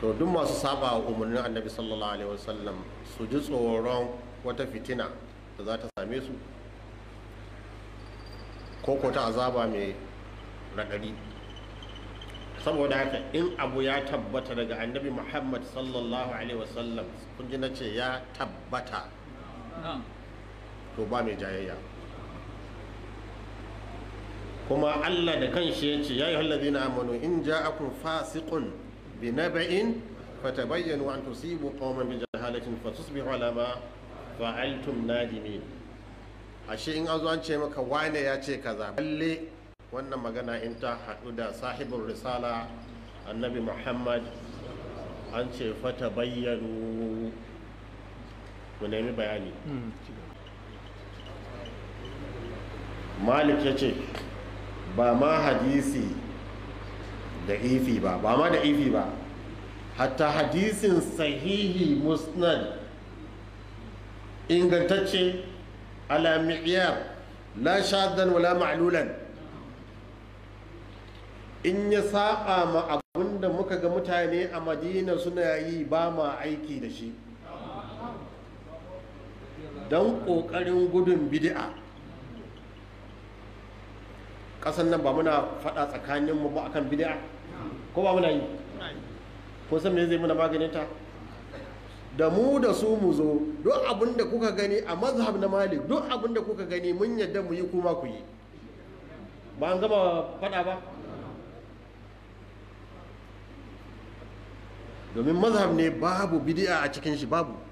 to duk masu saba wa umarnin annabi sallallahu alaihi wasallam su ji tsoron wata fitina da za ta same su ko ko ta azaba mai raɗaɗi saboda haka in abu ya tabbata daga annabi muhammad sallallahu alaihi wasallam kun ji na ce ya tabbata to ba mai jayayya kuma allah da kanshi ya ce ya yi na amanu in ja'akum fasiqun بنبأ فتبينوا أن تصيبوا قوما بجهالة فتصبحوا على ما فعلتم نادمين ashe in an zo an ce maka wane ya ce kaza balle wannan magana in ta haɗu da sahibin risala annabi muhammad an ce fata bayyanu ku nemi bayani malik ya ce ba ma hadisi da ifi e ba ba ma da ifi e ba hatta hadisin sahihi musnad ingantacce ala mi'yar la shaddan wala ma'lulan in ya saba ma abinda muka ga mutane a madina suna yi ba ma aiki da shi don kokarin gudun bid'a ƙasan nan ba muna faɗa tsakaninmu ba akan bid'a ko ba muna yi ko san me zai muna maganin ta da mu da su mu zo duk abin da kuka gani a mazhab na malik duk abin da kuka gani mun yadda mu yi kuma ku yi ba an gama faɗa ba domin mazhab ne babu bidi'a a cikin shi babu